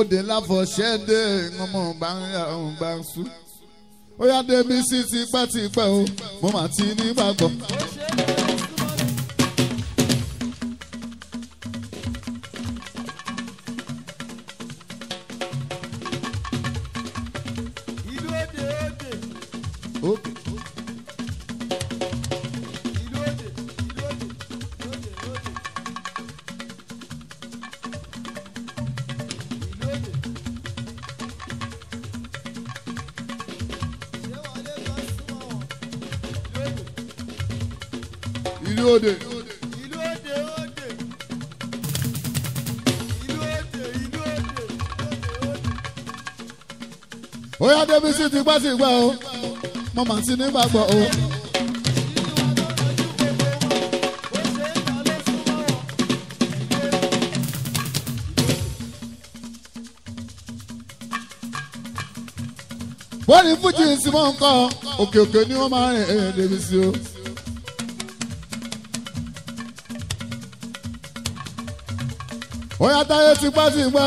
òde láfọ̀ṣẹ́ dé ọmọ gbàǹyà gbàǹsù ó yá débi sí tipẹ́tipẹ́ o mo mà ti nígbàgbọ́. sí tipátipá o mo mà sí nígbàgbọ́ o. wọ́n ní fújì ìsìnmọ́ nǹkan òkè òkè ni wọ́n máa rìn ẹ̀yẹ̀ débi sí o. ó yá táyé tipátipá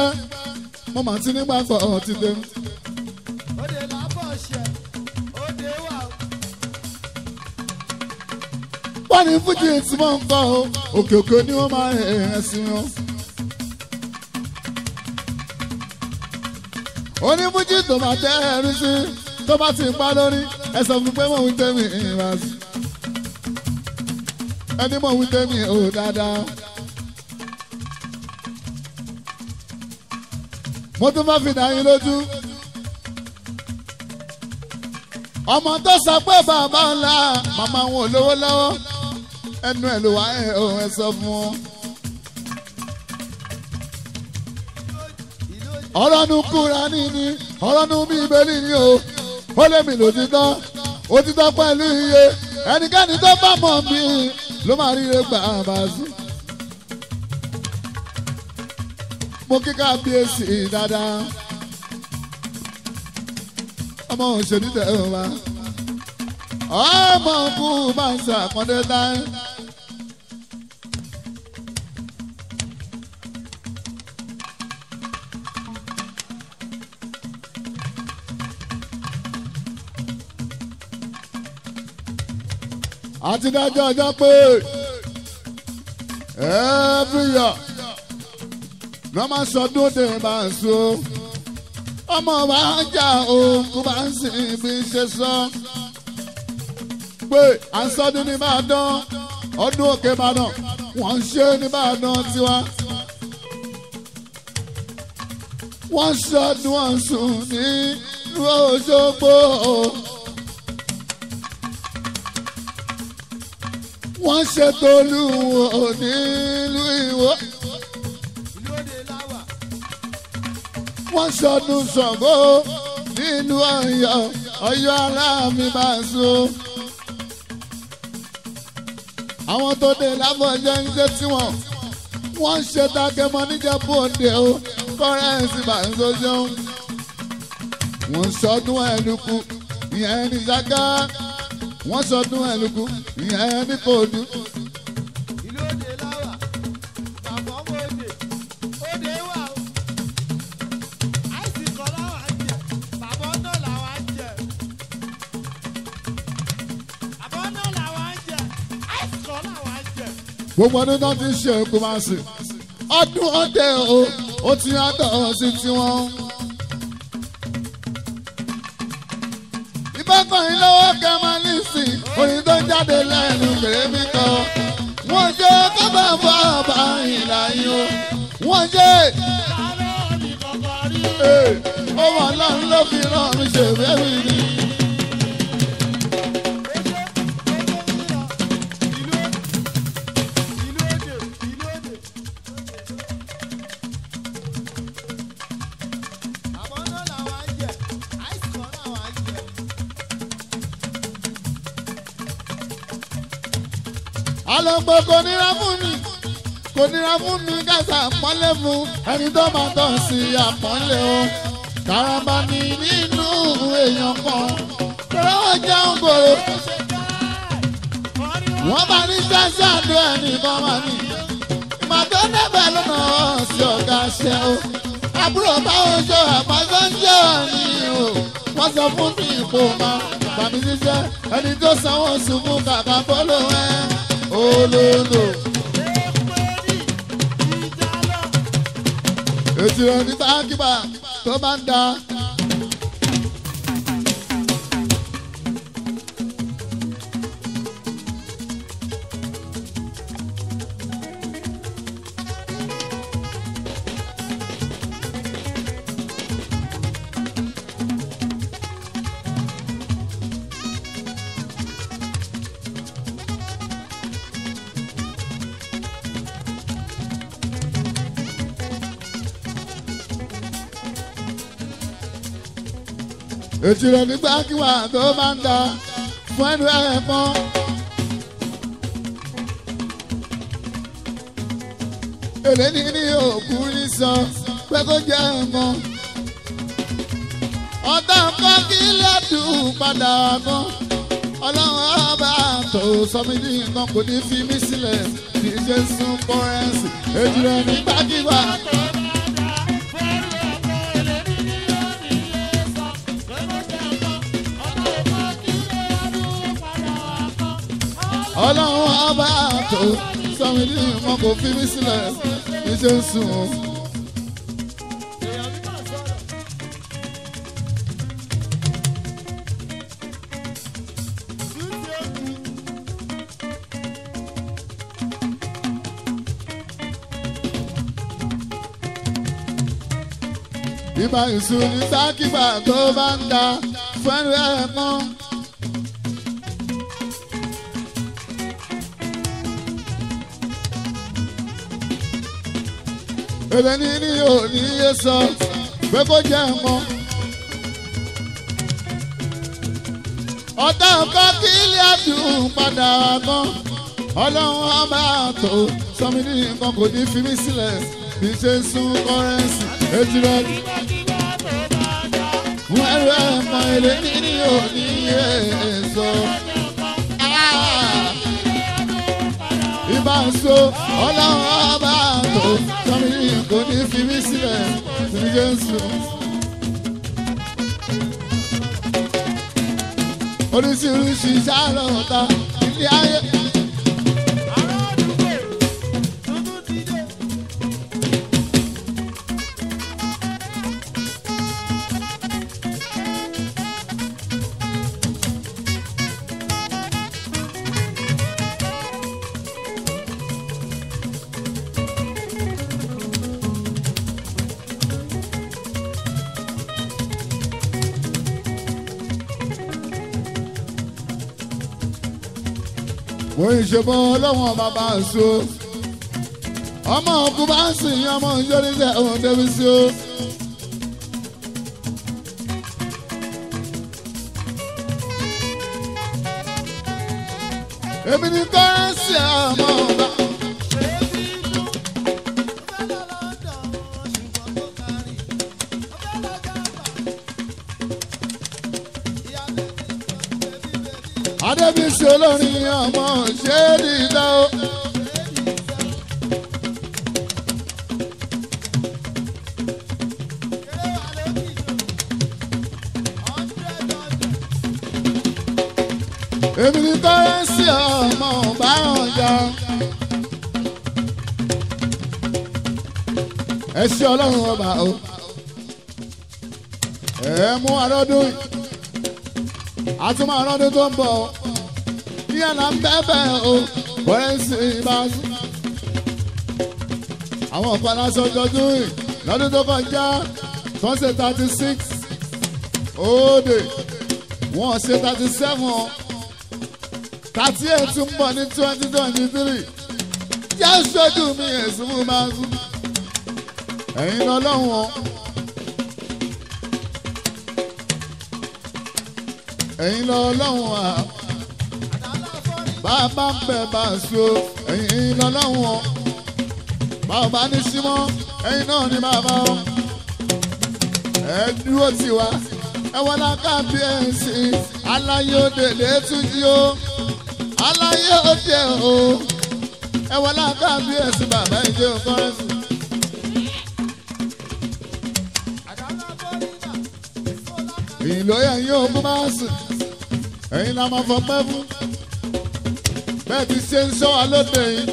mo mà sí nígbàgbọ́ ọ̀ ti dẹ́nu. orin fújì tí wọ́n ń kọ́ o òkè òkè ni wọ́n máa rẹ̀ ẹ̀ sí wọn. orin fújì tó máa tẹ́ ẹ̀rí sí tó bá ti pa lórí ẹ sọ fún pé mò ń tẹ́ mi ìrìnà sí. ẹni mò ń tẹ́ mi ò dáadáa. mo tún bá fi dá yín lójú ọmọ tó sọ pé bàbá ńlá màmá wọn ò lówó lọ́wọ́ ẹnu ẹ̀ ló wá ẹ̀ ohun ẹ̀ sọ fún wọn. ọ̀rọ̀ nu Kùránì ni ọ̀rọ̀ nu Bíbélì ni o ó lé mi lòtítọ́ òtítọ́ pẹ̀lú iye ẹnikẹ́ni tó bá mọ̀ mí ló máa rí gbà bá sí. mo kí kábíyèsí dáadáa ọmọ òṣèlú tẹ̀ ọ́ wa ọmọ kú bá ń ṣàpọ́ndé láyé. àti dájọ́ ọjọ́ pé every year lọ́ máa sọdún tè máa so ọmọ bá ń jà òkú bá ń sìn bí ṣe sọ pé à ń sọdún ní Ìbàdàn ọdún òkè Ìbàdàn wọ́n ń ṣe ní Ìbàdàn tiwa wọ́n ṣọdún ọ̀sùn ní Òṣogbo. wọ́n ṣe tolúwo nílùú Ìwó. wọ́n ṣọdún Ṣàngó nílùú Ọ̀yọ́ Ọ̀yọ́ aláàmì máa so. àwọn tó dé lábọ̀jẹ́ ń ṣe tiwọn wọ́n ṣe dákẹ́mọ́ níjẹ̀bú òde o kọ́rẹ́ǹsì máa ń so ṣeun. wọ́n ṣọdún ẹ̀lùkù ìyẹn ní ṣáká wọ́n sọdún ẹ̀lùkù ìyẹn ní kò dùn. ìlú òde láwà bàbá ọmọ òde òde wà ó àìsí kan láwà ń jẹ bàbá náà làwà ń jẹ bàbá náà làwà ń jẹ àìsí kan làwà jẹ. gbogbo ọdún tó ti ṣe èkó máa ọdún ọdẹ o ó ti ń àtọ̀ sí tiwọn. ìbátan ìlọ́wọ́ kẹ́ orin tó jáde lẹ́nu gbèrèmí kan. wọ́n ṣe kábàámọ̀ ọba ìlà yìí o wọ́n ṣe. ọmọ ọlọ́run ló fi rán mi ṣèwé mi. ọ̀pọ̀ kò nira fún mi kò nira fún mi kásá àpọ́nlé mu ẹni tó máa tọ̀ sí àpọ́nlé o kàràmbà ni nínú èèyàn kan tọ́lá wọn jẹun gbòòrò wọ́n bá ní sẹ́sẹ́ àdó ẹni kan wà ní màtó débẹ̀ lọ́nà ọ̀sì ọ̀gá ṣẹ́ o àbúrò báwo ṣe àpàṣẹ ń jẹ́ ọ̀nì o wọ́n sọ fún mi ipò bàmí ṣiṣẹ́ ẹni tó sanwó oṣù fún kàkà bọ́lọ́ ẹ̀ olóńdò. ètò ìrọ̀lẹ́ sáà kíbà tó bá ń da. ètí rẹ̀ nígbà kíwà tó máa ń da fún ẹnu ẹ̀ pọ́n. èlé ní ní òkú ní san pé kó jẹ́ ẹ̀mọ́. ọ̀tá nǹkan kí lẹ́dùn padà mọ́. ọlọ́run ọba tó sọ mí ní nǹkan kò ní fi mí sílẹ̀ kì í ṣe sún kọ́rẹ́ǹsì ètí rẹ̀ nígbà kíwà tó máa ń da. ọlọ́run ọba àtò sọmídì wọn kò fi mí sílẹ̀ níṣẹ́ ń sùn o. ìbá ìṣúni sákìgbà tó bá ń da fẹ́rẹ̀ẹ́ kan. èmi ní ní òní yé sọ pé kó jẹ́ mọ́. ọ̀tá nǹkan kí ilé àdùn padà wá gan ọlọ́run á máa tó sọmi ní nǹkan kò ní fi mí sílẹ̀ bí ṣe ń kọ́rẹ́nsì èjì rẹ̀. wọ́n ẹrù mọ èlé ní ní òní yé sọ. bá ń so ọlọ́run á bá ń tó sọmi kò ní fi mí sílẹ̀ sí Jésù. oríṣiríṣi ṣáà lọ́ta ilé ayé. ìṣòfò ọlọ́wọ́n bàbá so ọmọ òkú bá ń sìn ọmọ ìjọ́nisẹ̀ òun débi sí o. èmi ni kọ́ńsì ọmọ. lọ́dún tó ń bọ̀ yàrá ń bẹ́ẹ̀ o wẹ́ẹ́sì bá sùn. àwọn palasọ jọjú yìí lọ́dún tó kọjá tó ń ṣe thirty six òde wọ́n ṣe thirty seven thirty eight ń bọ̀ ní twenty twenty three jẹ́ sójú mi èsùn máa sùn ẹ̀yin lọ́lọ́run o. ẹ̀yin lọ́lọ́run wa bàbá ń bẹ̀ bá a so ẹ̀yin lọ́lọ́run wa bàbá ní símọ́ ẹ̀yin náà ní bàbá wọn ẹ dúró tiwa ẹ wọlé kábíyèsí aláyé òde lẹ́túnjí o aláyé òde o ẹ wọlé kábíyèsí bàbá ìjẹ́ òkọ́rẹ́sì. ìlóyè yóò bú máa sùn ẹ̀yin la máa fọpẹ́ fún bẹ́ẹ̀ ti ṣe ń sọ alóde yìí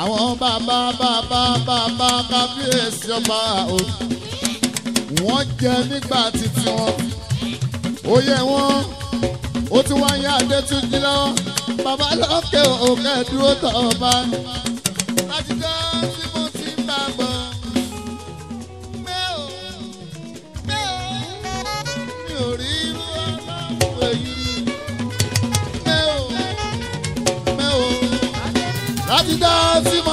àwọn bàbá bàbá bàbá kábíyèsí ọba o wọ́n jẹ nígbà títí wọn oyè wọn ó ti wáyé adétúnjì lọ́wọ́ bàbá lọ́kẹ́ òkè dúró tọ̀ ọba. A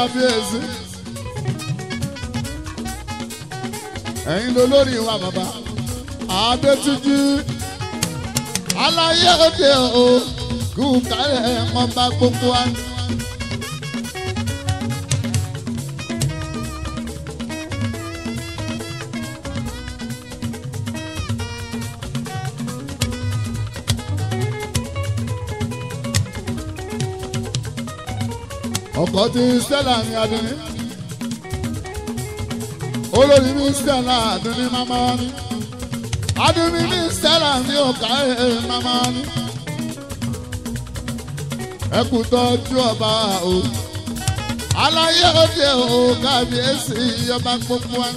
kábíyèsí. ẹ̀yin lolórí wa bàbá adétúnjì aláyé òde o kú kálẹ̀ mọ́ gbogbo wa. ọkọ tí Stella ní Adúnní olórí ní Stella Adúnní mama ni Adúnní ní Stella ní ọkà mama ni ẹ kú tọ́jú ọba o aláyé òde o kábíyèsí ọba gbogbo wa.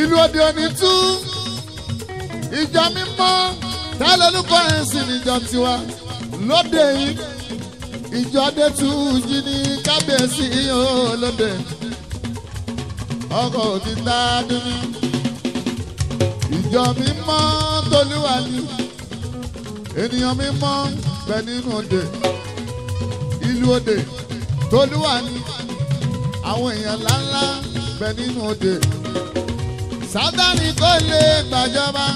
ìlú òde òní tú ìjọ mímọ́ tálẹ́nu fọ́rẹ́ǹsì níjọ tiwa lóde yìí ìjọ adétúnjì ní kábíyèsí yóò lóde ọkọ̀ òtítà dúní ìjọ mímọ́ tolúwa ni ènìyàn mímọ́ bẹ nínú òde ìlú òde tolúwa ni àwọn èèyàn ńláńlá bẹ nínú òde sátani kò lè gbàjọba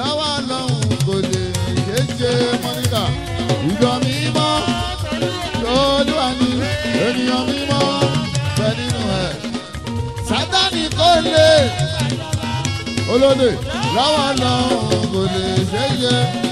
lọ́wọ́ ọlọ́run kò lè ṣeéṣe mọ́nílà ìjọ mímọ́ lọ́dúnwà ní ènìyàn mímọ́ bẹ nínú ẹ̀. sátani kò lè olóde lọ́wọ́ ọlọ́run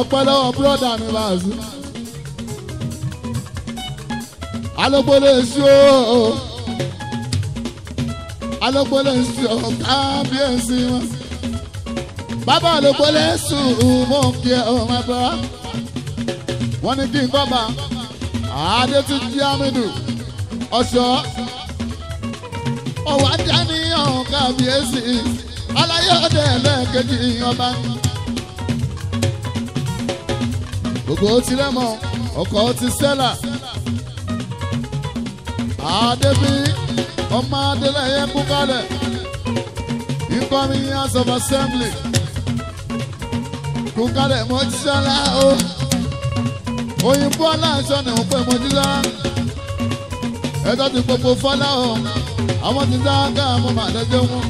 ọpẹ́ lọ́wọ́ búrọ́dà mi Wasiu. alógbólé sí o alógbólé sí o kábíyèsí wọn. bàbá baba. sùn mọ́ kí ẹ ò máa bọ́. wọ́n ní kí n kọ́ bá adé ti jí amídù ọ̀ṣọ́ ọ̀wá dání ọ̀hún kábíyèsí aláyọ̀dẹ̀ lẹ́ẹ̀kejì ọba gbogbo ti lẹ́mọ̀ ọkọ̀ ti sẹ́là àdébí ọmọ adélẹ́yẹ kú kalẹ̀ incoming house of assembly kú kalẹ̀ mọ́jísọ́lá o òyìnbó aláǹsọ ni òun pè mọ́jísọ́lá ẹjọ́ ti gbogbo fọ́lá o àwọn ti dá ká àmọ́ màdájọ́ wọn.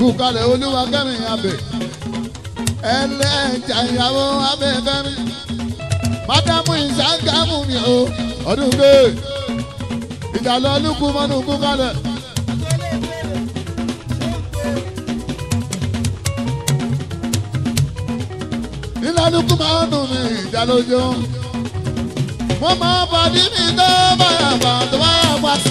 Kukale oluwa kẹ́mi abẹ ẹlẹ́jà ìyàwó abẹ kẹ́mi mádámù ìsàgámù mi o ọdún bẹ́ẹ̀ ìdàlọ́ olúkú mọ́nú kùkàlẹ̀. ìlàlùkù máa ń dùn mí ìjà lójó wọ́n máa bá bí mi tó bá yàgbà tó bá yàgbà sí.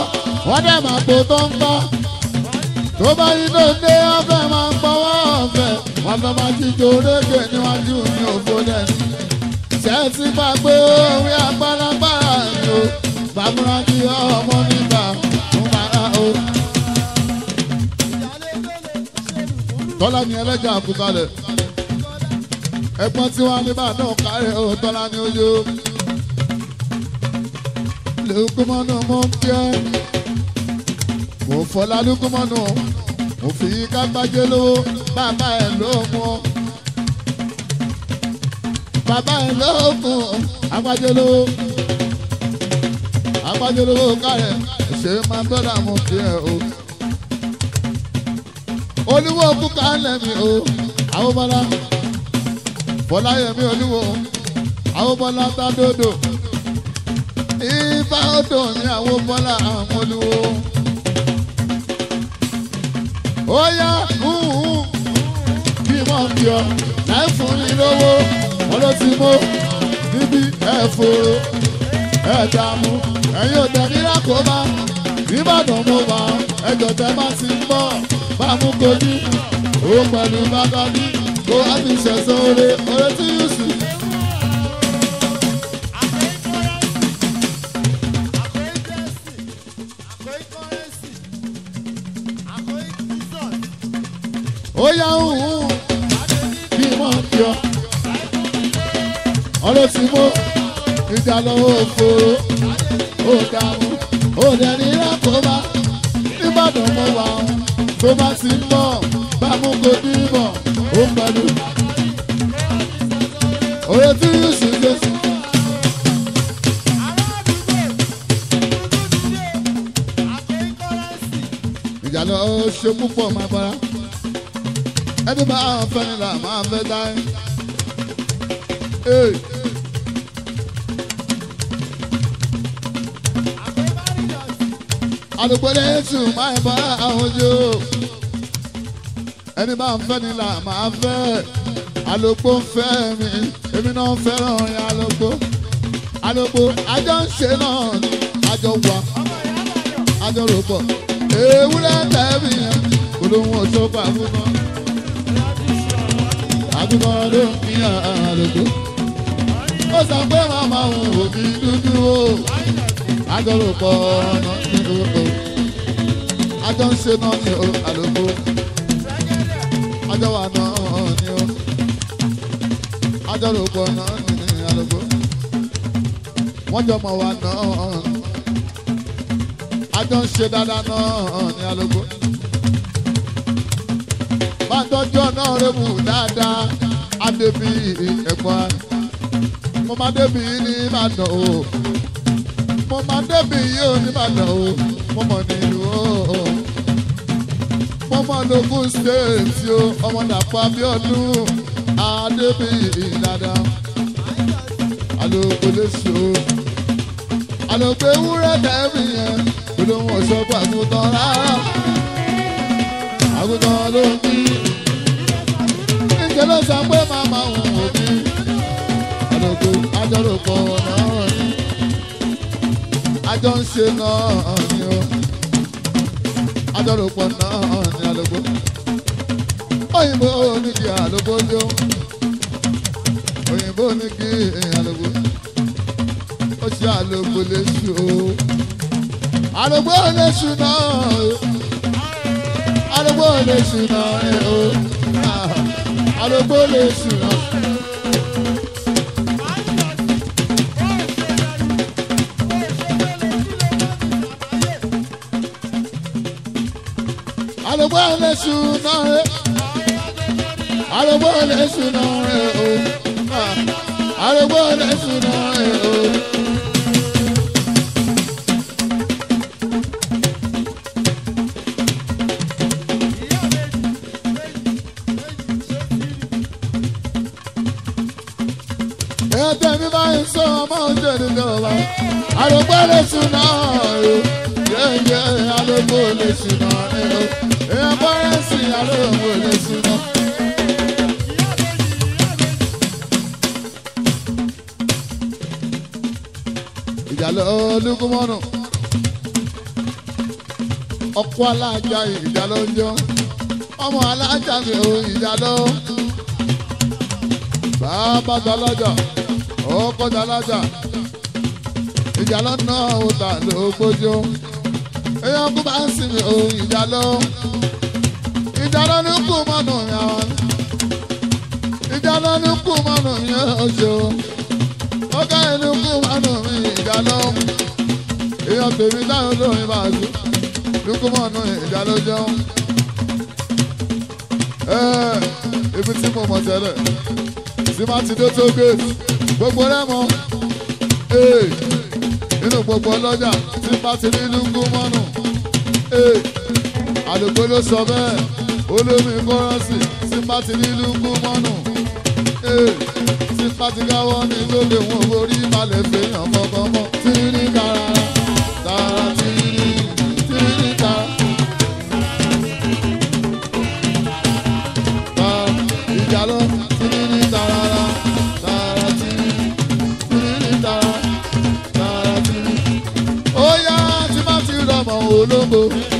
wọ́n dẹ̀ máa po tó ń gbọ́ tó bá rí tó ń dé ọ̀fẹ́ máa ń gbọ́wọ́ ọ̀fẹ́ wọ́n fẹ́ máa jíjó orókè níwájú ní òfò dẹ̀ sẹ́ẹ̀sì bá gbé orí agbálágbára ni o bàbúrà kí ọmọ nígbà tó máa rà o. tọ́lá ni ẹlẹ́jà àkútalẹ̀ ẹ̀pọ́n tí wọ́n ní bàdàn kárẹ̀ o tọ́lá ni ó yó lè kó mọ́nà kí ẹ́ mo fọlá lúkúmọ́nù mo fi kápájé lówó bàbá ẹ̀ lóògùn bàbá ẹ̀ lóògùn àpájé lówó àpájé lówó kárẹ̀ ṣe máa bọ́dà mo fi ẹ̀ o olúwo kúkà lẹ́mi o àwọn bọ́lá bọ́lá yẹmi olúwo àwọn bọ́lá tá dòdò ìfà odò ní àwọn àwọn olúwo ó yá kí mọ̀ bí ọ ẹ fún mi lówó wọn ló ti mú níbi ẹ fòrò ẹ dààmú ẹ̀yin ò tẹ̀ nílá kó bá ìbàdàn mo wà ẹjọ́ tẹ bá ti ń bọ̀ bá mú kojú òun pẹ̀lú bákàdí kó á fi ṣẹ̀sán oore oore tí yóò sì. ló ti mú ìjà lọ òfo ó dààmú ó dẹni lákòóbá nìbàdàn mọ wà ó tó bá ti ń bọ̀ bá mú kó dìbọ̀ ó pẹ̀lú. òye tí yóò sì gbé sí. ìjà lọ ṣe púpọ̀ máa bára ẹni bá àwọn fẹ́ni là máa fẹ́ dáhùn. àlùkòlè ètù máa bá àwùjọ ẹni bá ń fẹ́ ni là máa fẹ́ àlùkò ń fẹ́ mi èmi náà fẹ́ràn rẹ̀ àlùkò àlùkò àjọ ń ṣe náà àjọ wà àjọ rò pọ̀ ewúrẹ́ tẹ̀mí yẹn olóhùn ọ̀ṣọ́ bá fún wọn. àgùntàn ló ń fi hàn àlùkò ó sọ pé màmá òun òbí dúdú o àjọ rò pọ̀ ọ̀nà nínú òun àjọ ń ṣe náà ni o àlòkù àjọ wà náà ni o àjọ rògbò náà ni àlòkù wọ́n jọ mọ̀ wá náà àjọ ń ṣe dáadáa náà ni àlòkù bá tọ́jú náà rẹ̀ wù dáadáa á débi ẹ̀gbọ́n mo máa débi ní Ìbàdàn o mo máa débi yìí ò ní Ìbàdàn o mo mọ̀ nílùú o ọmọ dogun state yo ọmọ nàpọ̀ Abíọ́dún Adébíyì dada alókòlè so alókè wúrẹ́ tẹ́mi yẹn gbọdọ̀ wọn sọ pé àgùntàn rárá àgùntàn ló ń bí níjẹ́ ló sọ pé màmá òun ò bí alókè ajọ́rò kan náà ni ajọ́ ń ṣe náà ni o adọ́rọ̀pọ̀ náà ní àlọ́gbó òyìnbó onígi àlọ́gbó lé o òyìnbó onígi àlọ́gbó ó ṣe àlọ́gbó léṣu o àlọ́gbó léṣu náà àlọ́gbó léṣu náà o àlọ́gbó léṣu náà. àròpọ̀ lè ṣùnà rẹ̀ àròpọ̀ lè ṣùnà rẹ̀ o àròpọ̀ lè ṣùnà rẹ̀ o. tẹ̀mí bá ń sọ ọmọ òjò nìjọba. àròpọ̀ lè ṣùnà rẹ̀ o. yẹ́yẹ́ àròpọ̀ lè ṣùnà rẹ̀ ìyàrá òun ò lè súná. ìjàlọ olúkúmọ́nù ọkọ alájà ìjàlọ ń jọ ọmọ alájà mi ò ìjàlọ bàbá dọlọjà ọkọ dọlọjà ìjàlọ náà ó ta lóògbójó ẹyọ kó bá ń sinmi ò ìjàlọ ìjánu ní kú mọ́nù mi àwọn ìjánu ní kú mọ́nù mi ọ̀ṣọ́ ọ̀gá ẹni kú mọ́nù mi ìjánu èèyàn bèbí táwọn olórin bá ṣe ní kú mọ́nù ìjánu jẹun ibi tí mo mọ̀ tẹ́lẹ̀ tí má ti dé tó gate gbogbo rẹ̀ mọ́ nínú gbogbo ọlọ́jà tí bá ti rí lúgùn mọ́nù àlùkò ló sọ bẹ́ẹ̀ olómi kọ́rọ́sì sípàtì nílùú kú mọ́nù sípàtì eh, káwọ́ ní lóde wọn orí balẹ̀ fèèyàn kọ̀ọ̀kan mọ́ tírírí kára tààrà tírírí tírírí kára. ìjà lọ tírírí tààrà tààrà tírírí tírírí tààrà tààrà ó yá tí má ti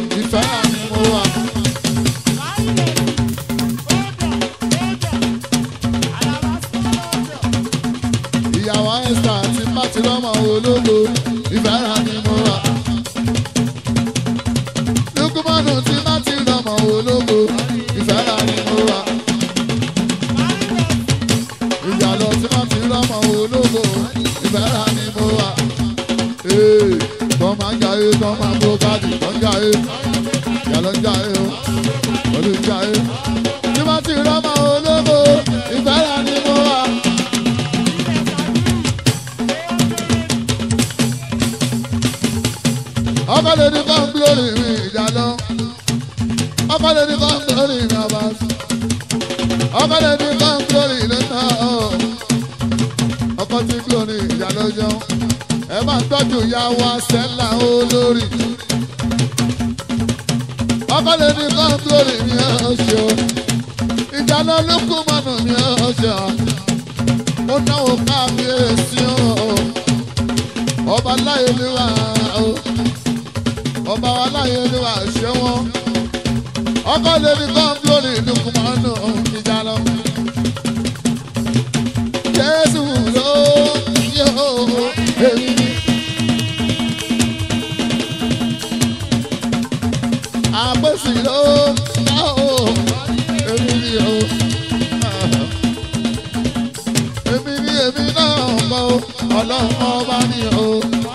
ọlọ́run ọba ni o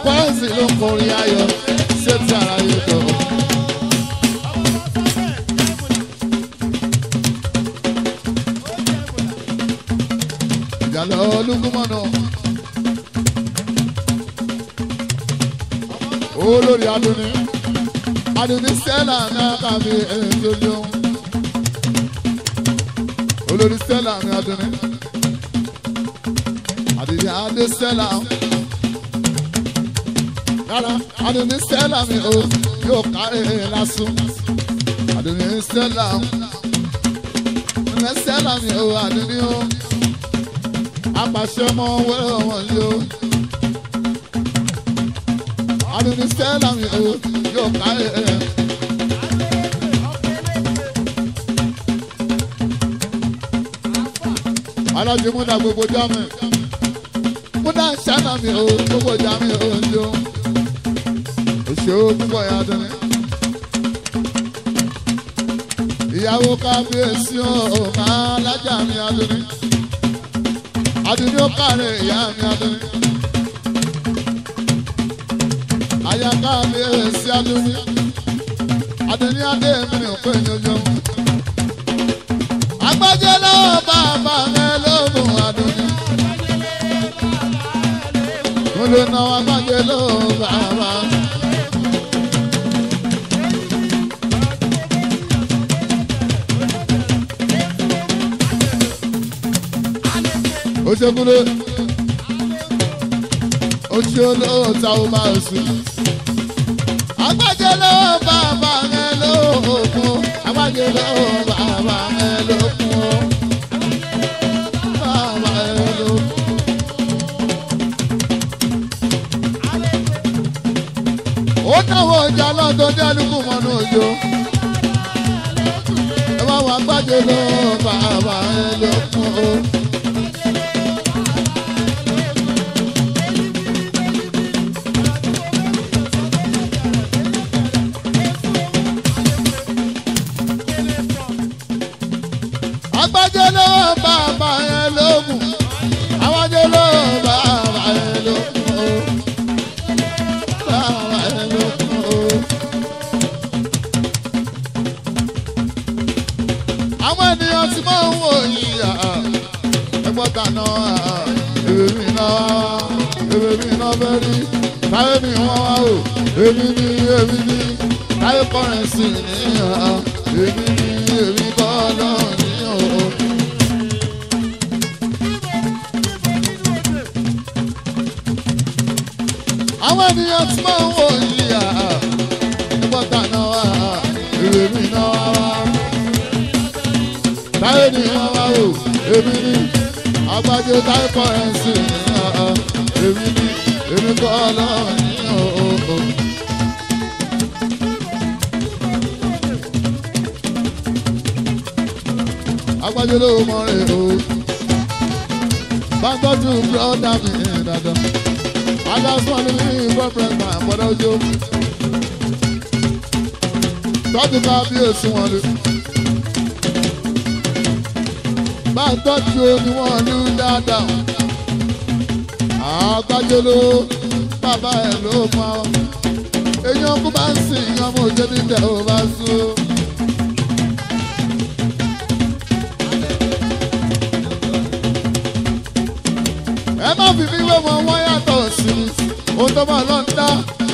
pọ́ǹsì ló ń kọrin ayọ̀ ṣé ti ara yóò tọ̀. ìjàlọ olúkúmọ̀nà olórí adúní adúní stella náà kàmi ẹ̀ ń jọjọ olórí stella ní adúní dey sell am. Rárá, I dey ní sell o, yóò kárí lásán. I dey ní sell am. Ní sell o, àdínní o. Apàṣẹ ọmọ wẹ́rẹ́ wọn lé o. I dey mi sell o, yóò kárí lásán. alájẹmúdà gbogbo dámẹ múná ṣáná mi o gbogbo ìjà mi ò ń jó òṣè ó púpọ̀ yàtọ̀ mi. ìyàwó kábíyèsí o máa lájà mi yàtọ̀ mi. àdúgbò kárẹ̀ ìyá mi yàtọ̀ mi. àyà kábíyèsí yàtọ̀ mi. àdúgbò adé mi ò pé jọjọ. agbájẹ́ náà bàbá mi ló mú àdúgbò olùnà àbájẹ ló bàbá. oṣekúlé oṣù olóòótá ó máa sùn. àbájẹ ló bàbá rẹ lóògùn káwọn ọjà náà tó dé ẹlùkù mọ́nú òjò. ẹ bá wà gbàjọ lọ bàbá ẹ lọ fún o. ohun tó bọ̀ lọ ń dá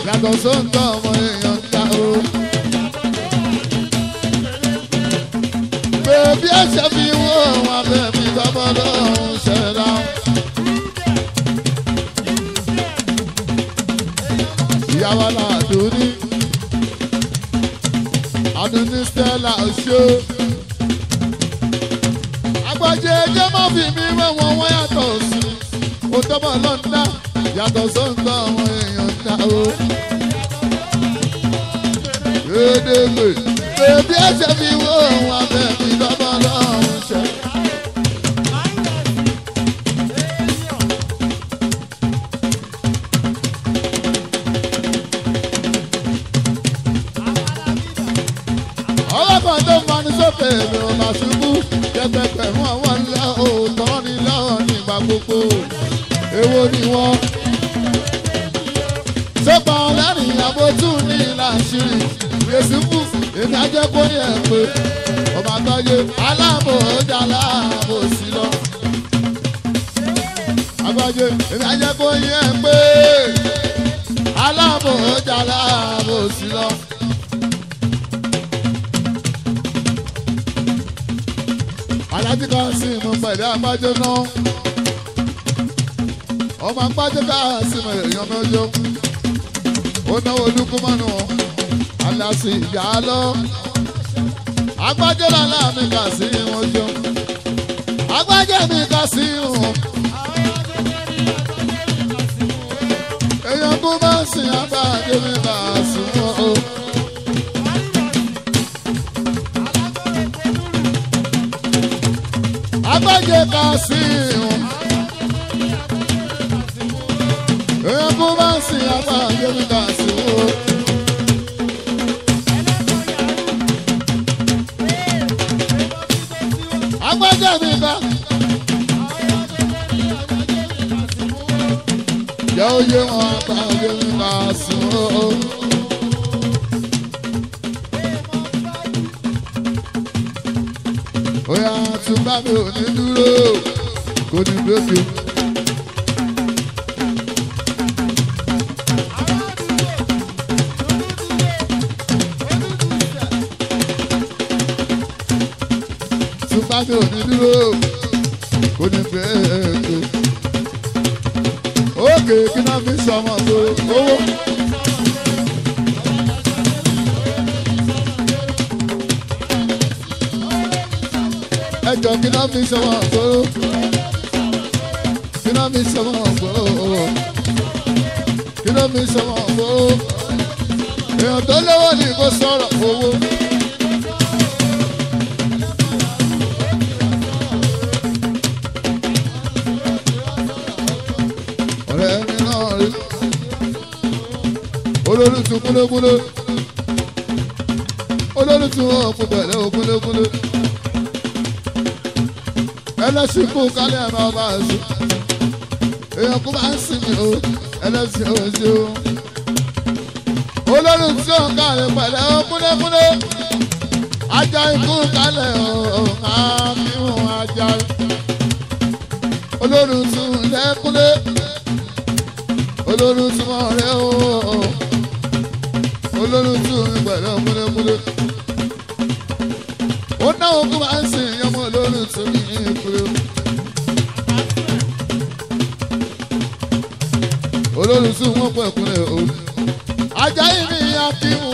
yàtọ̀ sóhun tó ọmọ èèyàn ń dá o. bèbí ẹsẹ̀ fi wọ́n wà bẹ́ẹ̀mí tọ́mọ lọ́hùn ṣẹ̀dá. ìyàwó làdúní àdúní stella ọ̀ṣọ́ àgbàjẹ́ ẹjẹ́ má fi mí wẹ̀wọ̀n wọ́n yàtọ̀ sí ohun tó bọ̀ lọ yàtọ̀ sọ́ńtọ̀ àwọn èèyàn ń ta o. Gbèdégbè bèbí ẹsẹ̀ mi wó òun abẹ́ mi. àti ajẹ́ kó yẹ pé ọmọ àtọ́jú aláàbò ọjà aláàbò sí lọ. Àgbàjọ èmi ajẹ́ kó yẹ pé aláàbò ọjà aláàbò sí lọ. Aláàbò kan sì mú pẹ̀lú àgbàjọ náà. Ọmọ àgbàjọ kan sì mú èèyàn mẹ́jọ. Ó náwó olúkúmọ́nù. Alasi Ìyáló agbájẹ́ lálá mi kà sí wọn jọ agbájẹ́ mi kà sí wọn. èèyàn kú bá ń sìn mi kà sí wọn o. agbájẹ́ kà sí wọn. èèyàn kú bá ń sìn mi kà sí wọn. lóbi o. Súpámì ò ní dúró, kò ní fẹ́ ètò. Ókè kí náà fi sọmọ tó owó. Ẹjọ́ kí náà fi sọmọ tó owó mi sọmọ gbó kí ló mi sọmọ gbó èèyàn tó lówó ni kò sọ̀rọ̀ owó. ọ̀rẹ́ mi náà rí olórútù kúlókúló olórútù òkú pẹ̀lẹ́ òkúlókúló ẹlẹ́sìn kú kálẹ̀ ẹ̀ máa bá èèyàn kó máa ń sinmi o ẹlẹ́sìn òsì o. olórin tí òun kàlẹ̀ pẹ̀lẹ́ ó kúndékúndé ajá ikú kalẹ̀ o àfihàn ajá olórin tí òun lẹ́kúndé olórin tí wọ́n rẹ̀ o olórin tí òun pẹ̀lẹ́ kúndékúndé ó náwó kó máa ń sin ìyọmọ olórin tí òun ní ìkúrẹ́ o. olólùsùn wọn pẹ̀kúnrẹ́ o Àjàyí ni akíwù.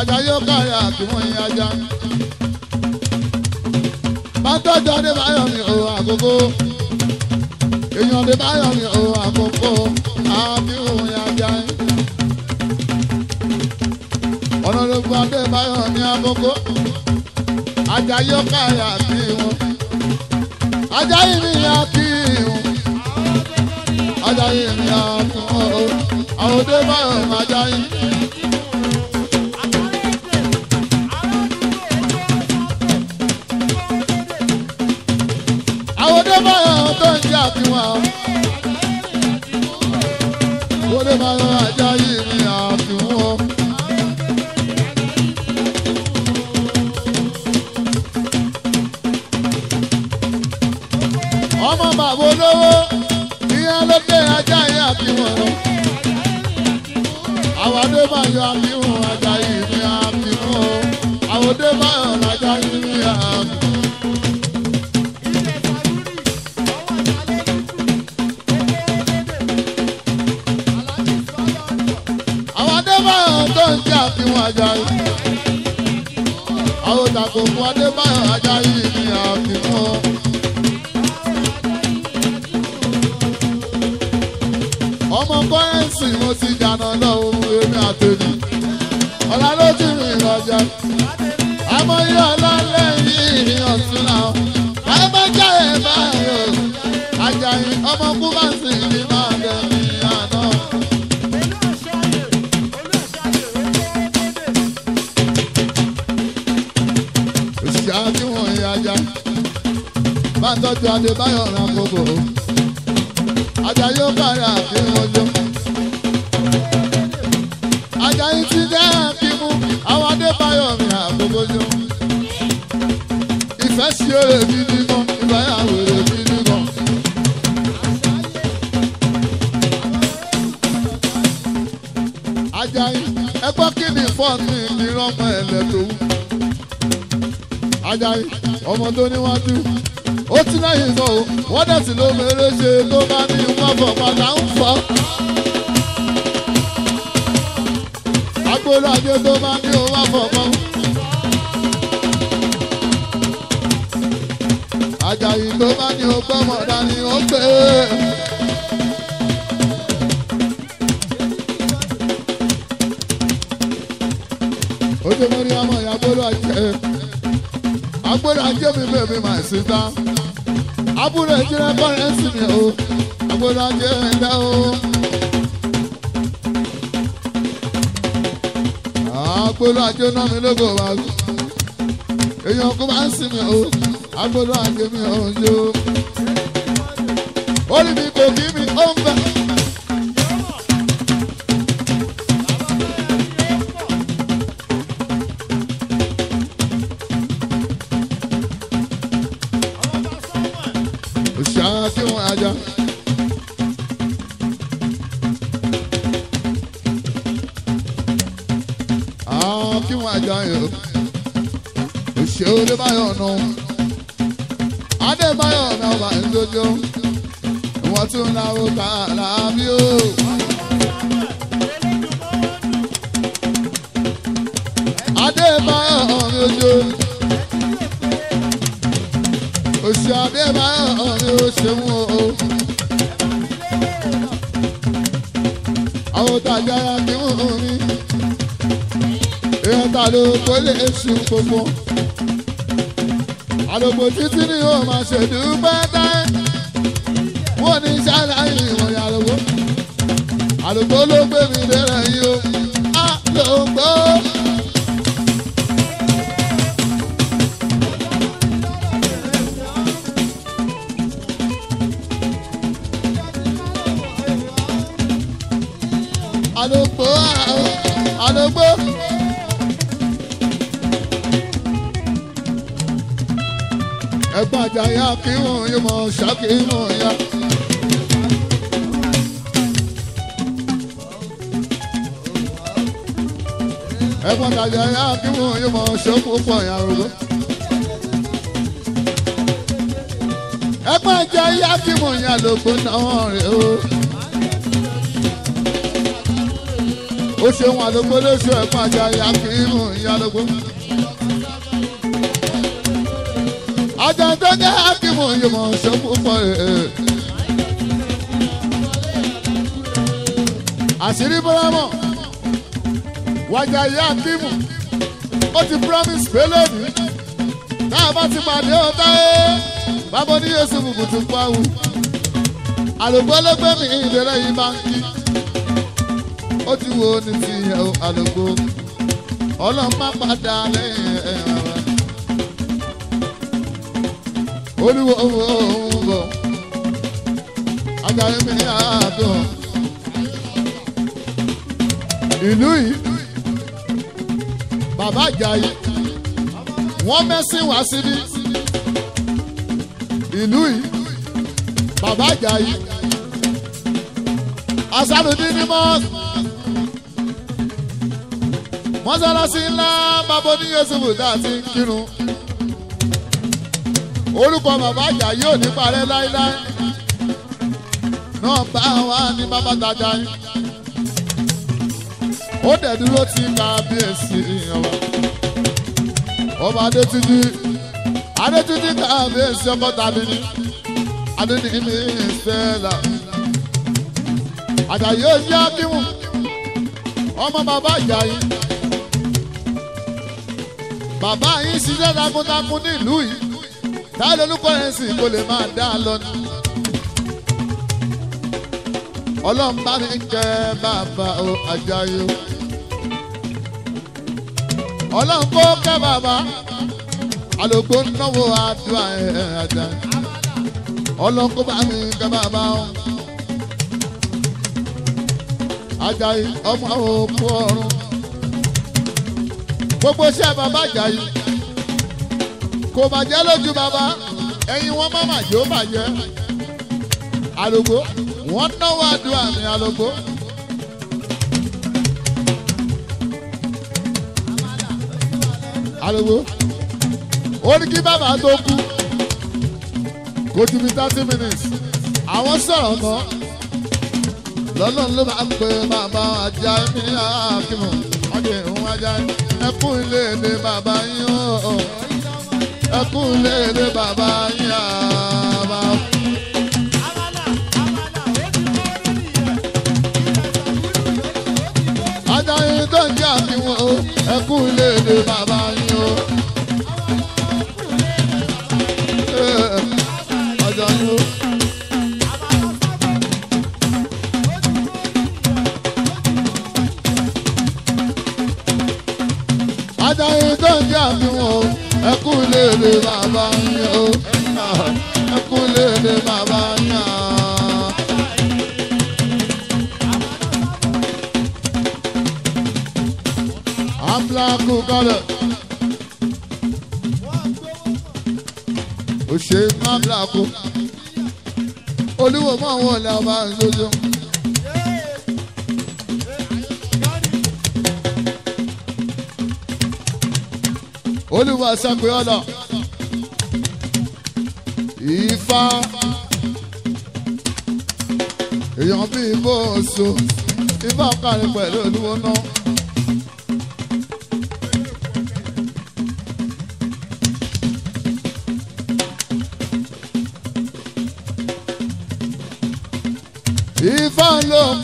ajá yóò káyà kí wọ́n yin ajá. pátọ́jọ́ ní báyọ̀ mi ò àkókò èèyàn ni báyọ̀ mi ò àkókò àbí òun yà já yín. ọ̀nà gbogbo adé báyọ̀ ní àkókò ajá yóò káyà kí wọ́n. ajá yìí ni yà kí wọ́n. ajá yìí ni yà kí wọ́n. àwọn òde báyọ̀ máa já yín. wow. gbójú. ìfẹ́ sí èrè mi nìkan ìfẹ́ àwọn èrè mi nìkan. Ajayi ẹ gbọ́ ni fọ́ọ̀nì ìrànmọ ẹ̀lẹ́ tó wù. Ajayi ọmọ tó níwájú ó ti láyé sọ o wọ́n dẹ̀ sí ló mèrè ṣe tó bá ní wọ́fọ̀ padà ń fọ́. agbóhùn ajé tó bá ní wọ́fọ̀ mọ́. Àjàyí ló bá ní ọgbọ́mọ dání ó gbé. ojú mọ́rí ọmọ ìyá gbọ́dọ̀ ajé agbọ́dọ̀ ajé mi bèbí my sister abúlé ìjìnlẹ̀ kọ́rẹ́nsì mi o agbọ́dọ̀ ajé mi o. agbọ́dọ̀ ajé náà mi lógo wa èèyàn kó máa ń sinmi o agbọ́dọ̀ àgbẹ̀mí ọ̀hún yó. orí mi kò kí mi ó ń bẹ̀. ṣu gbogbo. àlòkò títí ni ó máa ṣe táyé. wọ́n ní ṣáláyé ìwọ̀nyí àlòkò. àlòkò ló gbé mi lérè yìí o. àlòkò. àlòkò àlòkò. ẹ̀gbọ́n àjàyà kí wọ́n yóò mọ̀ ṣáàkì wọ́n yá. ẹ̀gbọ́n àjàyà kí wọ́n yóò mọ̀ ṣókù pọ̀ yá rúgbó. ẹ̀gbọ́n àjàyà kí wọ́n yá lóko náà rẹ̀ o. ó ṣeun àlòkó lóṣù ẹ̀gbọ́n àjàyà kí wọ́n yá lóko náà. Kedu onye ha gị asịrị Asịrị Bọ́lámọ̀, Wàjàyí Akímù, ó ti promise pé lónìí, náà bá ti pàdé ọ̀tá ẹ́, bàbá ní Yéṣu bùbùtù pàwù. Àlùkò lọ́gbẹ́ mi wo ti olúwo ń bọ̀ ajayi mi àádọ́ ìlú yìí bàbá Àjàyí wọ́n mẹ́sìn wá síbí ìlú yìí bàbá Àjàyí asálùdí ní mọ́ọ̀sì mọ́sálásí ńlá bàbá oníyẹ̀sùn bùdá àti kírun orúkọ bàbá àjà yóò ní parẹ́ láéláé náà bá wa ní bàbá tajà yín ó dẹ̀ dúró ti kábíyèsí ọba ọba adétúnjì adétúnjì kábíyèsí ọkọ tàbí ni adétúnjì mi sẹ́là àjàyí ó yá kíwù ọmọ bàbá àjàyí bàbá yín ṣiṣẹ́ takuntakun ní ìlú yìí ta ló ní kọ́rẹ́nsì kò lè máa dá lọ ọlọ́run bá mi kẹ́ bàbá o Àjàyí o. ọlọ́run kó kẹ́ bàbá àlòkò náwó àdúrà ẹ̀ Àjàyí. ọlọ́run kó bá mi kẹ́ bàbá o. Àjàyí ọmọ òkú ọ̀run gbogbo iṣẹ́ bàbá Àjàyí kò bàjẹ́ lójú bàbá ẹ̀yin wọn má mà jó bàjẹ́ àlògbó wọn náwó àdúrà ní àlògbó. àlògbó ó ní kí bàbá tó kú kò ju bí thirty minutes àwọn sọ̀rọ̀ mọ́ lọ́nà ló máa ń pe bàbá ajá ní àkìmọ̀ ọdẹ ìhun ajá ẹ ilé ní bàbá yín ó ẹ kú léde bàbá yín àbá. Ajayi tó ń jẹ́ àfihàn ẹ kú léde bàbá. black color. ó ṣe má black olúwo mọ àwọn ọ̀la ọba lójú. olúwa sàpè ọ̀la ifá èèyàn bíi bóòsù ifá kárí pẹ̀lú olúwo náà.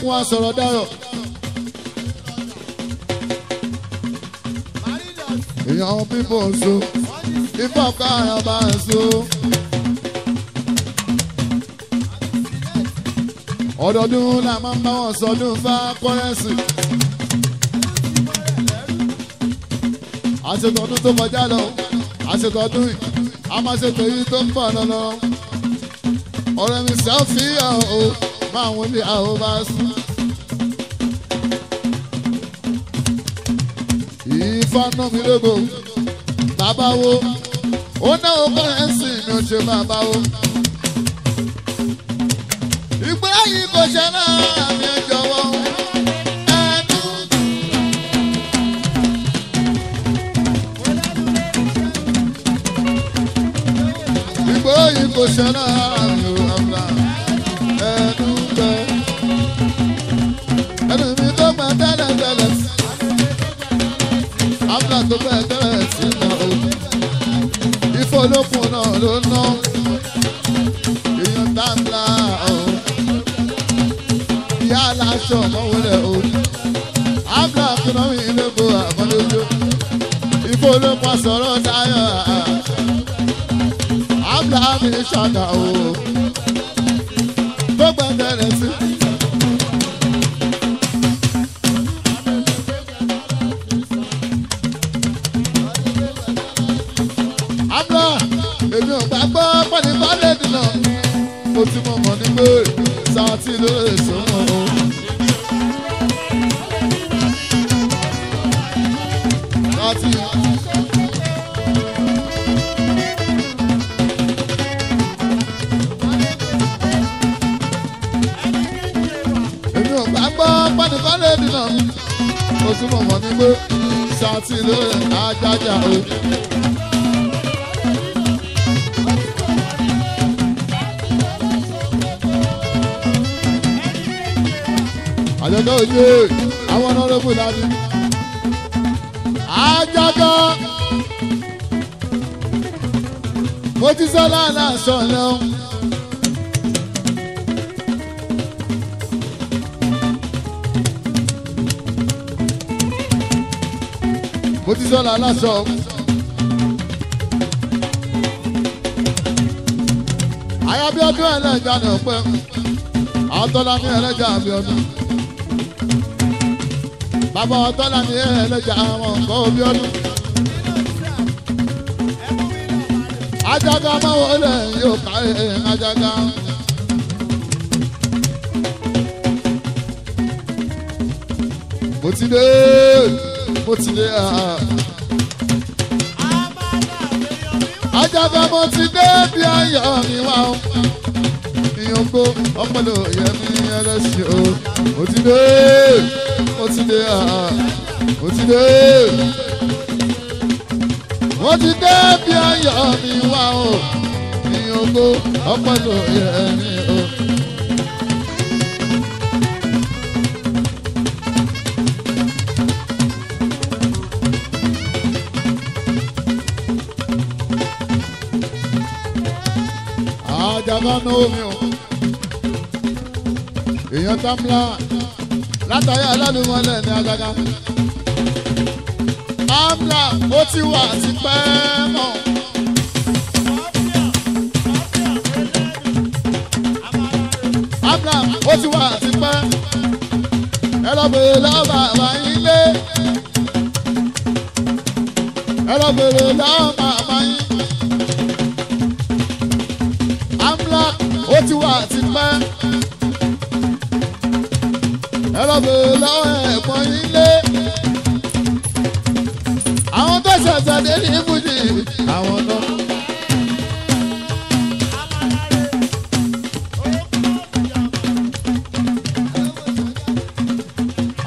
fún wa sọ̀rọ̀ dárọ̀. èèyàn bíbò so ifọ̀ kára bá ń so. ọdọọdún la máa ń bá wọn sọdún fá kọ́rẹ́sì. àṣetò ọdún tó kọjá lọ àṣetò ọdún yìí a máa ṣètò yìí tó ń bọ̀ lọ́lọ́ ọ̀rẹ́ mi sáfìyà o máwọn ilé àwọn bá sùn. Ifá mi lógo bàbá wo ó náwó kọ́rẹ́nsì mi ò ṣe bàbá wo. ìgbé ayé kò ṣe náà mi ò jọ̀wọ́. ìgbé ayé kò ṣe náà mi. kọ́dà tó bẹ́ẹ̀ bẹ́ẹ̀ sí náà o ìfọlọ́kùn náà ló ná èèyàn tá ńlá o ìyá aláṣọ ọmọwọlẹ o abúlé akínọ́mì lóko àmọ́lójó ìfọlọ́kùn àsọ̀rọ̀ táyọ̀ abúlé àmì ìṣàkà o gbọ́gbọ́n bẹ̀rẹ̀ sí. ṣe àwọn ọ̀nàrẹ́bù dání. ajaga mo ti sọ lánàá sọ̀nà. mo ti sọ lánàá sọ̀nà. àyàbí ẹlẹ́jà ẹlẹ́jà bàbá ọtọ́lá ni ẹlẹ́jà wọn kọ́ omi ọdún. ajaga máa wọlé yóò ká ẹ ajaga. mo ti dé mo ti dé aa. Ah, ah. ajaga mo ti dé bí ayọ̀ mi wá o ìyókò ọpọlọ yẹn mi ẹlẹ́sìn o mo ti dé dé ah, mo ti dé mo ti dé bí ayọ̀ mi wá o ní ogo ọpẹ́ yẹ ní o. àjàgbọ́n náà omi o èèyàn tá ń la látàyà aládùnmọ́lẹ̀ ní agbada. amla ó ti wà ti pẹ́ mọ́. amla ó ti wà ti pẹ́. ẹ lọ bèrè lọ́wọ́ bàbá yín lé. ẹ lọ ó ti wà ti pẹ́ ẹ̀rọ bèrè lọ́wọ́ ẹ̀pọ̀ nílé. àwọn tó ṣẹ̀ṣẹ̀ dé ní ibùdí àwọn náà.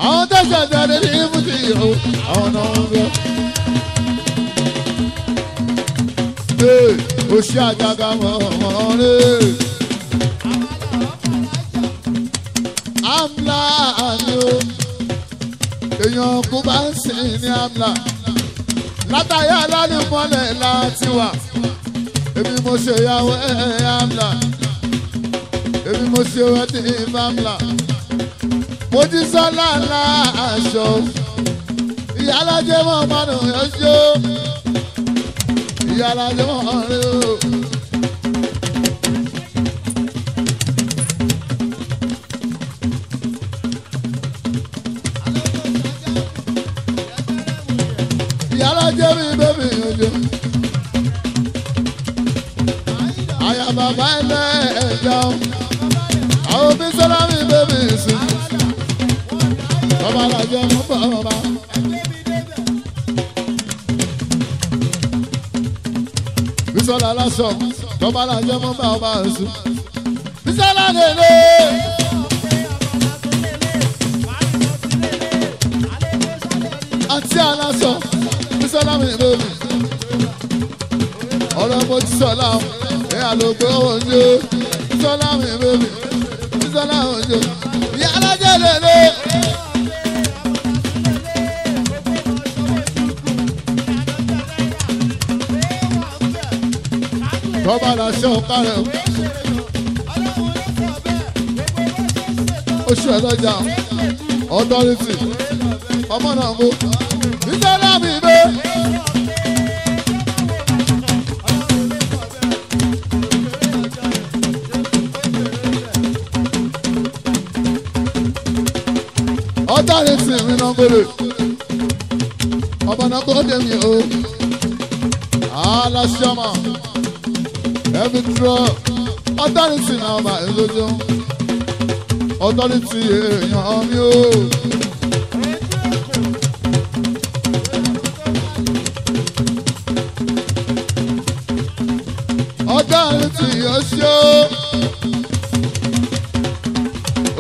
àwọn tó ṣẹ̀ṣẹ̀ dé ní ibùdí àwọn náà ń bẹ. Hey, o ṣe àjàgà mọ̀ ọ́n rẹ̀. mo bá ń sìn ní amla látàyè alálùmọ́lẹ̀ láti wà èmi mo ṣe ìyàwó ẹ̀ amla èmi mo ṣe wedding amla mo ti sọ láàlá aṣọ ìyálàjẹ́ mọ́ ọmọdún yóò ṣó ìyálàjẹ́ mọ́ ọ̀rẹ́ o. ìjà o. àwọn bí sọ́lámì bèbí ìsìn. bàbá làjẹ́ mú bàbá. Bisola lásọ, bàbá làjẹ́ mú bàbá ìsìn. Bisola lèlè. Àti àlásọ, Bisola mi bèbí. Ọ̀rọ̀ mo ti sọ̀lá, ẹ̀yà ló gbé sísọ́lá mi bèbè sísọ́lá ọmọ náà mú gbèrè ọba náà kọ́ dẹ̀mí o aláṣọmọ ẹbí dúró ọtọ́rìtì náà máa ń lójú ọtọ́rìtì èèyàn mi o. ọtọ́rìtì oṣó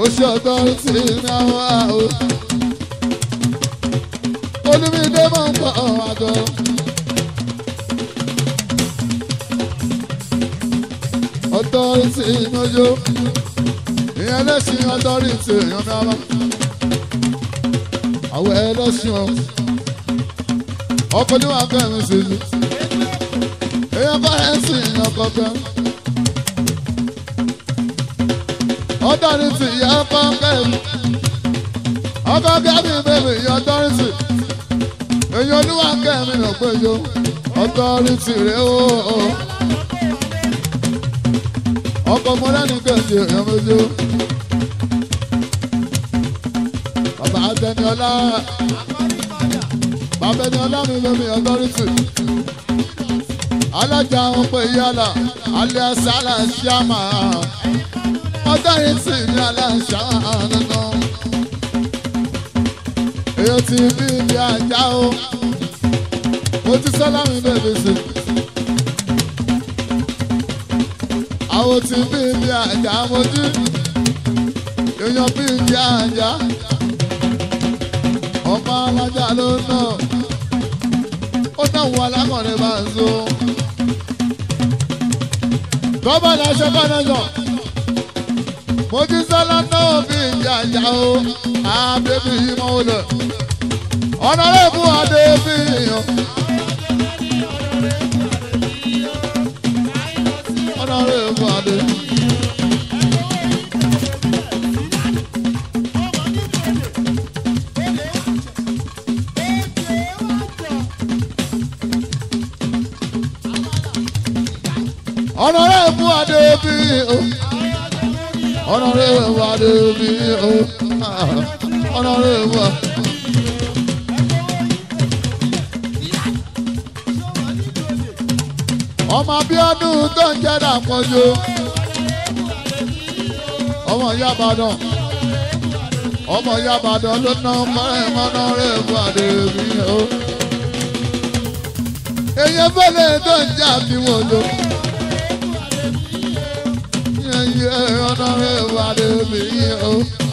oṣó ọtọ́rìtì náà wà o. go. ọtọ́rìtì ìnájọ́ ìyẹn lẹ́sìn ọtọ́rìtì èèyàn náírà àwọn ẹlẹ́sìn ọ ọkọ̀ níwọ̀n akẹ́rin sí i èèyàn bá ẹ̀ sìn ọkọ̀ kẹrin. ọtọ́rìtì ìyá ọkọ̀ kẹrin ọkọ̀ kẹrin bẹ̀rẹ̀ ìyá ọtọ́rìtì èèyàn olúwa kẹrin ògbójó ọtọrìtì rẹ o. ọkọ mọlẹ́ni kejì èèyàn méjì o. bàbá Àtẹniọlá bàbá Àtẹniọlá mi lómi ọtọrìtì. alájà ń pè yálà alẹ́ sálà ṣáàmà ọtọrìtì ní aláṣà náà èèyàn ti bí ibi àjà o mo ti sọ́lá mi dẹ̀bẹ̀sẹ̀. àwọn ti bí ibi àjà mo jí èèyàn bí ibi àjà ọmọ alájà ló nà ó náwó alákọ̀ọ́rẹ́ bá ń so. gọ́bọ̀nà ṣẹ́fọ́nà jọ mo ti sọ́lá náà bí ibi àjà o adébíyí mọ́wọ́lẹ̀ ọ̀nàrẹ́bù adébíyí o. ọ̀nàrẹ́bù adébíyí. ọ̀nàrẹ́bù adébíyí o. ọ̀nàrẹ́bù adébíyí o ọ̀nàrẹ́wà. ọmọ Abíọ́dún tó ń jẹ́ Dàpọ̀jù ọmọ ìyá Ìbàdàn ọmọ ìyá Ìbàdàn ló ná mọ́rẹ́ mọ́nàrẹ́wà lèmi o. èyí fẹ́lẹ̀ tó ń jà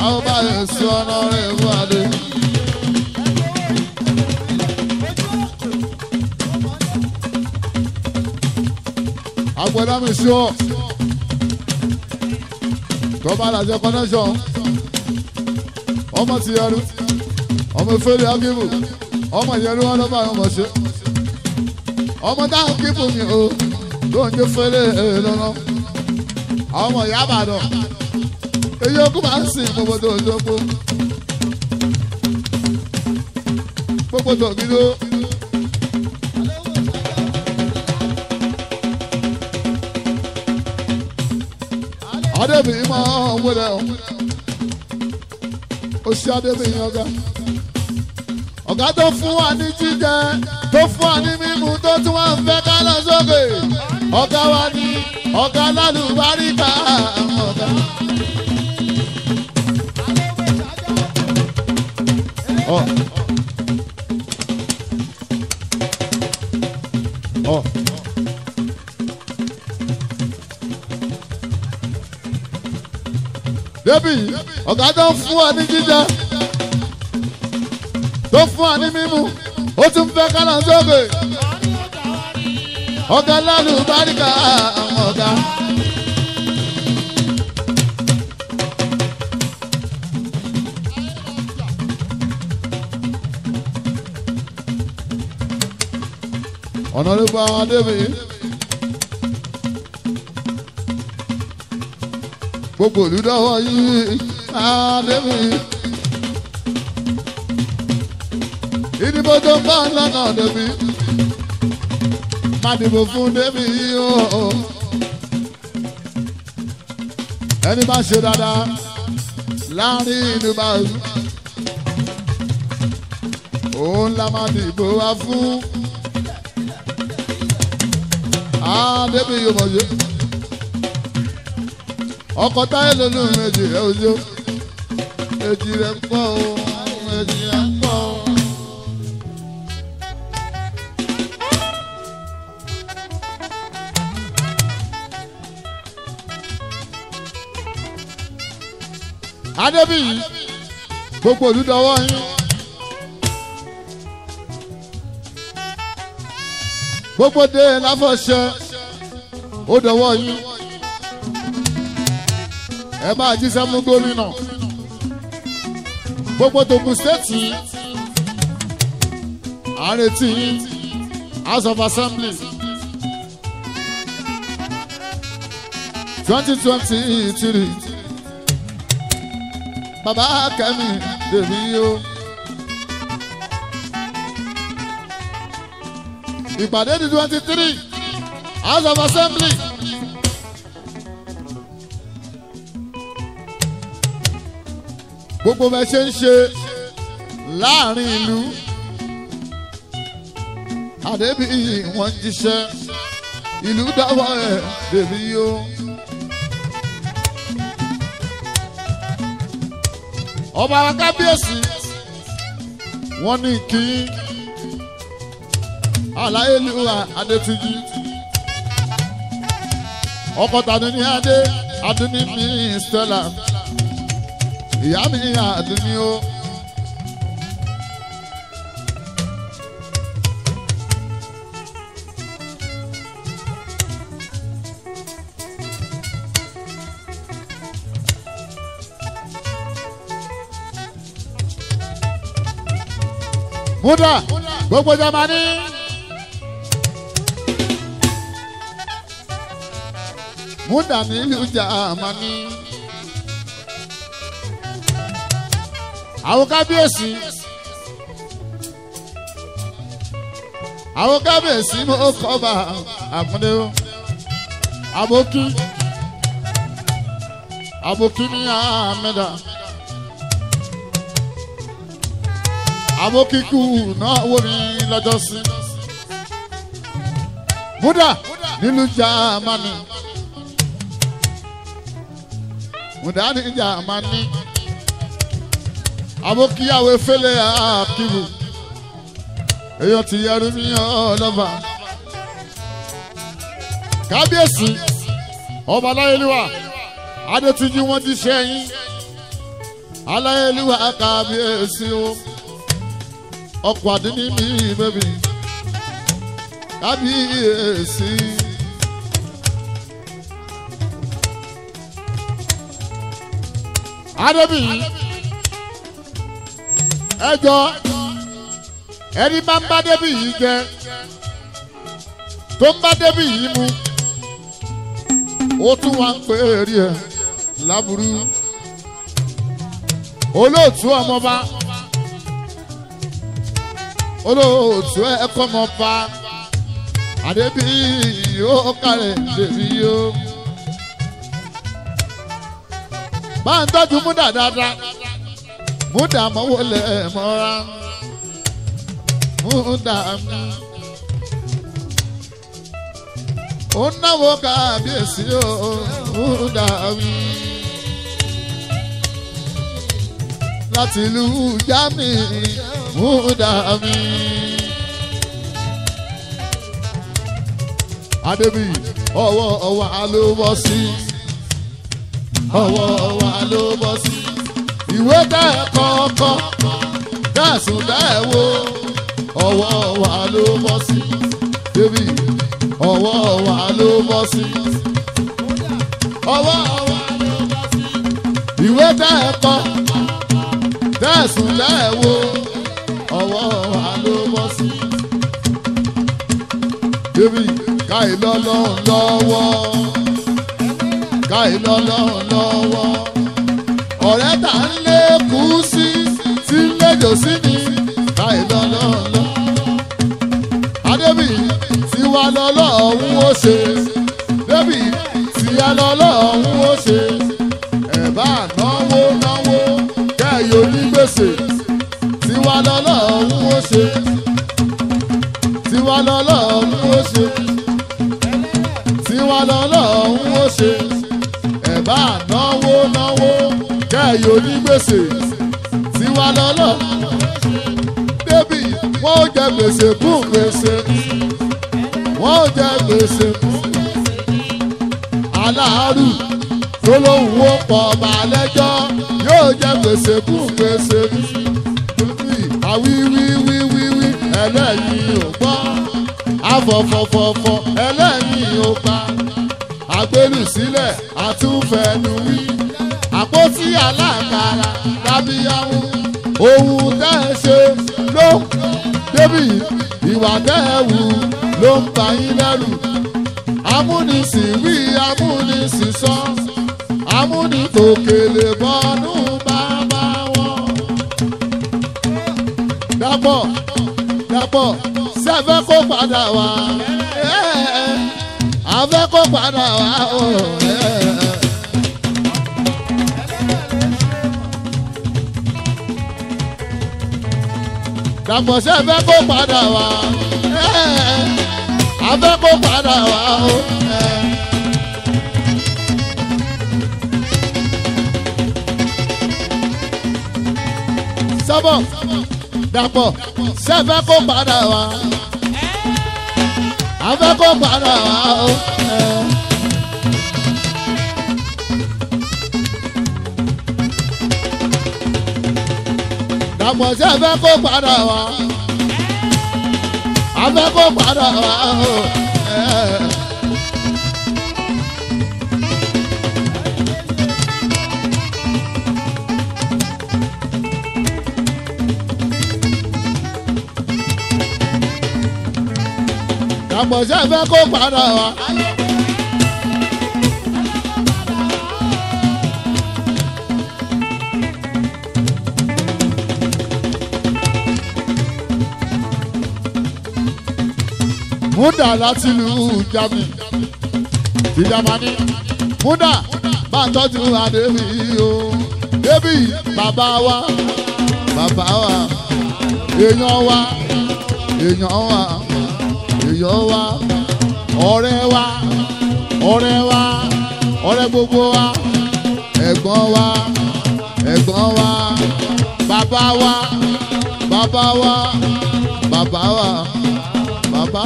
àwọn bá yẹ sí ọ̀nà rẹ̀ fún adé. agbada mi sọ tọ́ba làjẹ connection ọmọ ti yẹnu ọmọ ìfẹ́lẹ̀ akíbù ọmọ yẹnu ọlọ́ba ọmọ ṣe ọmọ táwọn kíbù mi o tó ń jẹ́ fẹ́lẹ̀ lọ́nà àwọn ọmọ ìyá èyí ọkọ máa ń sìn gbogbo tó lóko gbogbo tó kí ló. adébíyí máa ń wẹrẹ o ó ṣe adébíyí ọgá ọ̀gá tó fún wa ní jíjẹ tó fún wa ní mímu tó tún wá ń fẹ́ ká lọ sókè ọ̀gá wa ní ọ̀gá lálùbáríkà. Oh. Oh. débi ọ̀gá tó ń fún wa ní jíjẹ tó fún wa ní mímu ó tún fẹ́ kálọ̀ sókè ọ̀gá lálùbáríkà àwọn ọ̀gá. ọ̀nà ló bá wọn débi. gbogbo olùdọ́wọ́ yìí àdébí. ìdìbò tó bá lọ́nà débi. má dìbò fún débi yìí o. ẹni bá ṣe dáadáa láàrin ìlú bá òun la máa dìbò wá fún àdébí ah, yóò mọ̀ yé ọkọ táyé lónú méjì rẹ ojú èjì rẹ ń pọ̀ o èjì rẹ ń pọ̀ o. àdébí gbogbo olùdọ́wọ́ yín. gbogbo dé láfọ̀ṣẹ ó dọwọ́ yín ẹ máa jíṣẹ́ fún gómìnà gbogbo tògùn stéètì àrètí house of assembly twenty twenty three bàbá kẹ́mi dèmí yóò. ìpàdé di twenty three house of assembly. gbogbo bẹ ṣe ń ṣe láàrin ìlú àdébíyì wọ́n jíṣẹ́ ìlú dáwọ́ ẹ̀ dèbí yó. ọba kábíyèsí wọ́n ní kí aláyélúwà adétúnjì ọkọ tàdúní adé adúní mi stella ìyá mi adúní o. múdà gbogbo jamani. múdà nílùú Jámánì. àwọn kábíyèsí àwọn kábíyèsí mo kọ́ bá àkúndé o àbókí àbókí ní àmẹ́dà àbókí kú náà wó mi lọ́jọ́sí múdà nílùú Jámánì. mùdání ìjà máa ní abókíyàwó efele àkìbù èyí ti yẹrù mí ọlọ́ba kábíyèsí ọba aláyélúwà adétúnjú wọn ti ṣe yín aláyélúwà kábíyèsí o ọkọ̀ àdínní mi bẹ́bí kábíyèsí. adébíyí ẹjọ́ ẹni máa ń bá débíyí jẹ tó ń bá débíyí mu ó tún wá ń pè é rí ẹ láburú olóòtú ọmọba olóòtú ẹkọ ọmọba adébíyí ó kárẹ̀ débíyí ó. bá ń tọ́jú múdà dáadáa múdà mọ́wọ́lẹ̀ mọ́ra múdà ó náwó kábíyèsí múdà mi. láti ìlú jámì múdà mi. ọwọ́ ọwọ́ sí ọwọ́ wa ló bọ́ sí. ìwé tẹ́ ẹ kọ́kọ́ dẹ̀sùn tẹ́ ẹ wò ọwọ́ wa ló bọ́ sí. débì ọwọ́ wa ló bọ́ sí. ọwọ́ wa ló bọ́ sí. ìwé tẹ́ ẹ kọ́ dẹ̀sùn tẹ́ ẹ wò ọwọ́ wa ló bọ́ sí. débì káyìí lọ́lọ́run lọ́wọ́ láì lọ́lọ́run lọ́wọ́ ọ̀rẹ́ tá ń lé kú sí tí ń lédò sí ni láì lọ́lọ́run lọ́wọ́ adébí tí wà lọ́lọ́run ó ṣe débí tí a lọ́lọ́run ó ṣe. bá náwó náwó kẹ́yìn onígbèsè tiwa lọ́lọ́ débì wọ́n ó jẹ gbèsè kún gbèsè wọ́n ó jẹ gbèsè kún aláàárù tó lóun ó pọ̀ ọba lẹ́jọ́ yóò jẹ gbèsè kún gbèsè àwíwíwíwíwí ẹlẹ́yìn ò gbọ́ àfọ̀fọ̀fọ̀fọ̀ ẹlẹ́yìn ò gbà gbèrú sílẹ̀ àtúnfẹ̀nu wí. àpótí alákàrà lábíyáwó ohun tẹ́ ẹ ṣe ló débì ìwà tẹ́ ẹ wù ló ń bà yín lẹ́rù. amúnisìn wí amúnisìn sọ amúnitòkèlè bọ́nú bàbá wọn. Dàpọ̀ Dàpọ̀ sẹ́fẹ́ kó padà wá afẹ́ kó padà wá o. dàpọ̀ sí afẹ́ kó padà wá afẹ́ kó padà wá o. sábọ̀ dàpọ̀ sẹ́fẹ́ kó padà wá afẹ́ kó para wa. o. dàpọ̀ sí afẹ́ kó padà wá afẹ́ kó padà wá o. àmọ̀ṣẹ́ fẹ́ kó padà wá. múdà láti lu jami ti jamani múdà bá tọ́jú àdébí o débí bàbá wa bàbá wa èèyàn wa èèyàn wa. Ọ̀yọ́ wa ọ̀rẹ́ wa ọ̀rẹ́ wa ọ̀rẹ́ gbogbo wa ẹ̀gbọ́n wa ẹ̀gbọ́n wa bàbá wa bàbá wa bàbá wa bàbá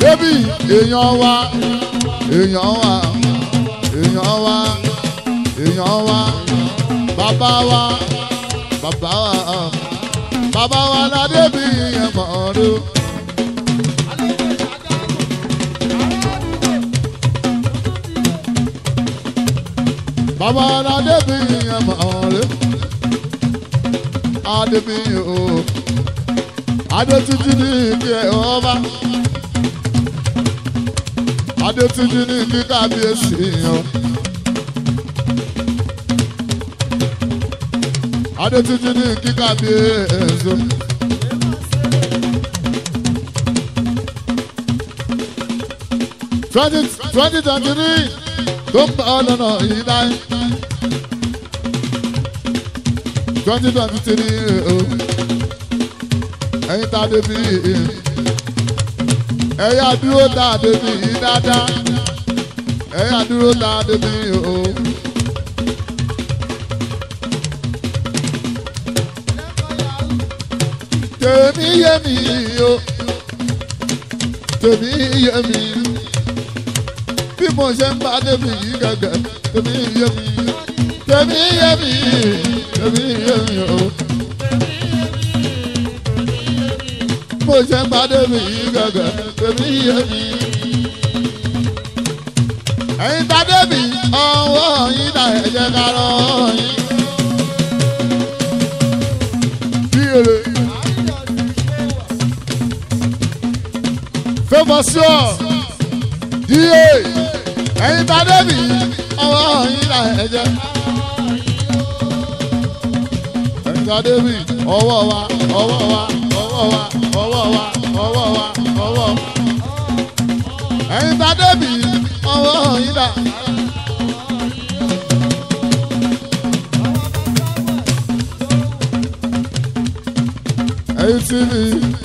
débì èèyàn wa èèyàn wa èèyàn wa èèyàn wa bàbá wa bàbá wa bàbá wa ládébì ẹ̀mọ́ ọdún. ọmọ aládé bí ẹmọ ọ̀rẹ́ adébí o adé títí ní ike ọba adé títí ní ike kábíyèsí yan adé títí ní ike kábíyèsí. twenty twenty twenty three tó ń bá lọ́nà twenty twenty three ẹ̀yin tá a débi yìí ẹ̀yà dúró tá a débi yìí dáadáa ẹ̀yà dúró tá a débi yìí o. tèmi yé yeah, yìí o tèmi yé yeah, yìí bí mo de ń gaga, de yìí gẹ́gẹ́ tèmi yé mi tèmi yé mi tèmi de mi o. mo ṣe ń bá débi de gẹ́gẹ́ tèmi yé mi. ẹ̀yin ta débi de yín ta ẹ̀jẹ̀ ká lọ́wọ́ yín. bí èrè. Favour sure. Yeah ẹ̀yin bá débi ọwọ́ yín là ẹ jẹ́. ẹ̀yin bá débi ọwọ́ wa ọwọ́ wa ọwọ́ wa ọwọ́ wa ọwọ́ wa ọwọ́ wa. ẹ̀yin bá débi ọwọ́ yín là ẹ jẹ́. ATV